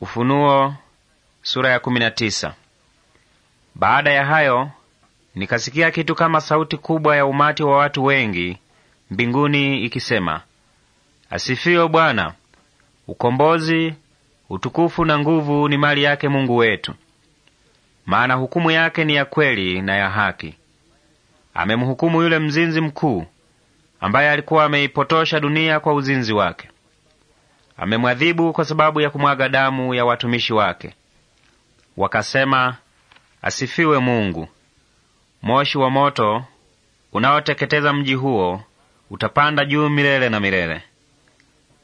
Ufunuo sura ya kumi na tisa. Baada ya hayo nikasikia kitu kama sauti kubwa ya umati wa watu wengi mbinguni ikisema, Asifiwe Bwana! Ukombozi, utukufu na nguvu ni mali yake Mungu wetu, maana hukumu yake ni ya kweli na ya haki. Amemhukumu yule mzinzi mkuu ambaye alikuwa ameipotosha dunia kwa uzinzi wake amemwadhibu kwa sababu ya kumwaga damu ya watumishi wake. Wakasema, asifiwe Mungu. Moshi wa moto unaoteketeza mji huo utapanda juu milele na milele.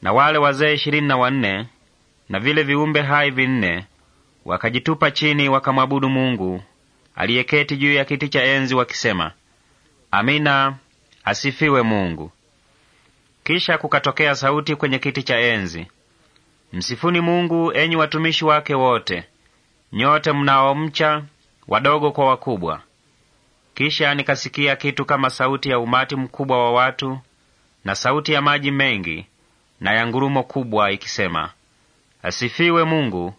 Na wale wazee ishirini na wanne na vile viumbe hai vinne wakajitupa chini, wakamwabudu Mungu aliyeketi juu ya kiti cha enzi, wakisema, Amina, asifiwe Mungu. Kisha kukatokea sauti kwenye kiti cha enzi, msifuni Mungu enyi watumishi wake wote, nyote mnaomcha, wadogo kwa wakubwa. Kisha nikasikia kitu kama sauti ya umati mkubwa wa watu na sauti ya maji mengi na ya ngurumo kubwa ikisema, asifiwe Mungu,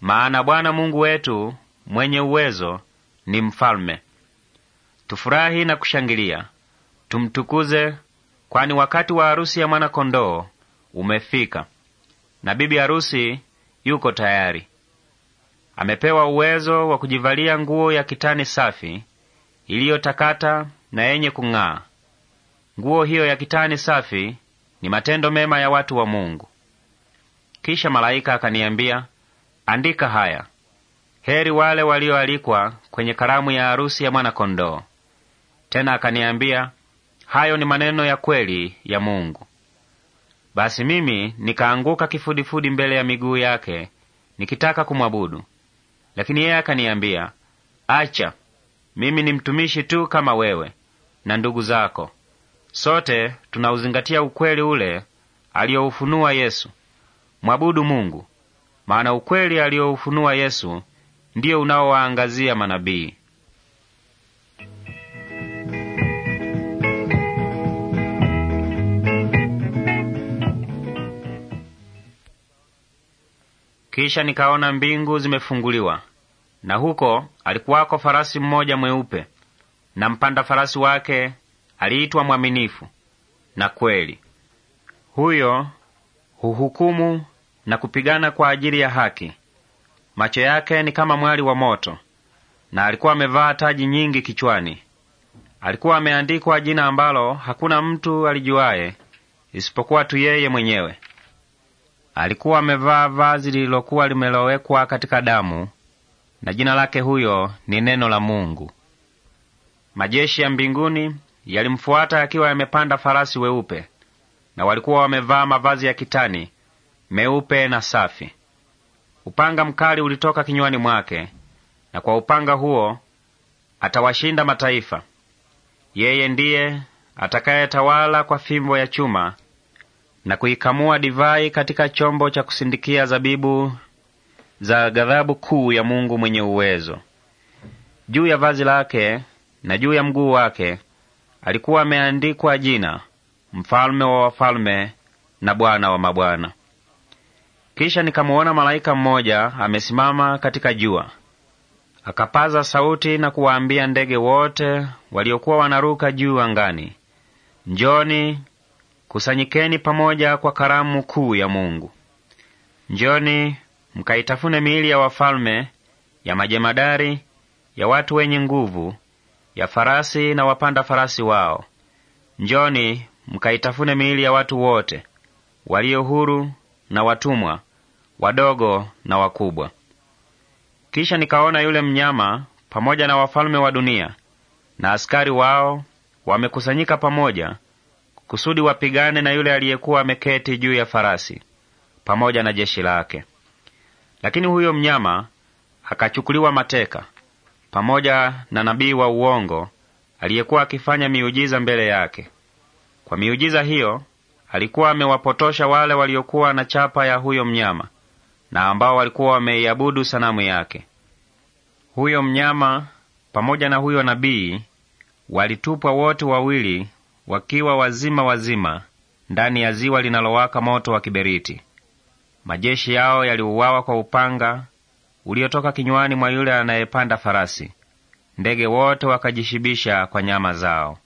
maana Bwana Mungu wetu mwenye uwezo ni mfalme. Tufurahi na kushangilia, tumtukuze kwani wakati wa harusi ya mwana-kondoo umefika, na bibi harusi yuko tayari. Amepewa uwezo wa kujivalia nguo ya kitani safi iliyotakata na yenye kung'aa. Nguo hiyo ya kitani safi ni matendo mema ya watu wa Mungu. Kisha malaika akaniambia, andika haya: heri wale walioalikwa kwenye karamu ya harusi ya mwana-kondoo. Tena akaniambia, Hayo ni maneno ya kweli ya Mungu. Basi mimi nikaanguka kifudifudi mbele ya miguu yake nikitaka kumwabudu, lakini yeye akaniambia, acha, mimi ni mtumishi tu kama wewe na ndugu zako. Sote tunauzingatia ukweli ule aliyoufunua Yesu. Mwabudu Mungu, maana ukweli aliyoufunua Yesu ndiyo unaowaangazia manabii. Kisha nikaona mbingu zimefunguliwa, na huko alikuwako farasi mmoja mweupe, na mpanda farasi wake aliitwa Mwaminifu na Kweli. Huyo huhukumu na kupigana kwa ajili ya haki. Macho yake ni kama mwali wa moto, na alikuwa amevaa taji nyingi kichwani. Alikuwa ameandikwa jina ambalo hakuna mtu alijuaye isipokuwa tu yeye mwenyewe. Alikuwa amevaa vazi lililokuwa limelowekwa katika damu, na jina lake huyo ni Neno la Mungu. Majeshi ya mbinguni yalimfuata yakiwa yamepanda farasi weupe, na walikuwa wamevaa mavazi ya kitani meupe na safi. Upanga mkali ulitoka kinywani mwake, na kwa upanga huo atawashinda mataifa. Yeye ndiye atakayetawala kwa fimbo ya chuma na kuikamua divai katika chombo cha kusindikia zabibu za ghadhabu kuu ya Mungu mwenye uwezo. Juu ya vazi lake na juu ya mguu wake alikuwa ameandikwa jina, mfalme wa wafalme na Bwana wa mabwana. Kisha nikamuona malaika mmoja amesimama katika jua, akapaza sauti na kuwaambia ndege wote waliokuwa wanaruka juu angani, njoni kusanyikeni pamoja kwa karamu kuu ya Mungu. Njoni mkaitafune miili ya wafalme, ya majemadari, ya watu wenye nguvu, ya farasi na wapanda farasi wao. Njoni mkaitafune miili ya watu wote walio huru na watumwa, wadogo na wakubwa. Kisha nikaona yule mnyama pamoja na wafalme wa dunia na askari wao wamekusanyika pamoja kusudi wapigane na yule aliyekuwa ameketi juu ya farasi pamoja na jeshi lake. Lakini huyo mnyama akachukuliwa mateka pamoja na nabii wa uongo aliyekuwa akifanya miujiza mbele yake. Kwa miujiza hiyo alikuwa amewapotosha wale waliokuwa na chapa ya huyo mnyama na ambao walikuwa wameiabudu sanamu yake. Huyo mnyama pamoja na huyo nabii walitupwa wote wawili wakiwa wazima wazima ndani ya ziwa linalowaka moto wa kiberiti. Majeshi yao yaliuawa kwa upanga uliotoka kinywani mwa yule anayepanda farasi. Ndege wote wakajishibisha kwa nyama zao.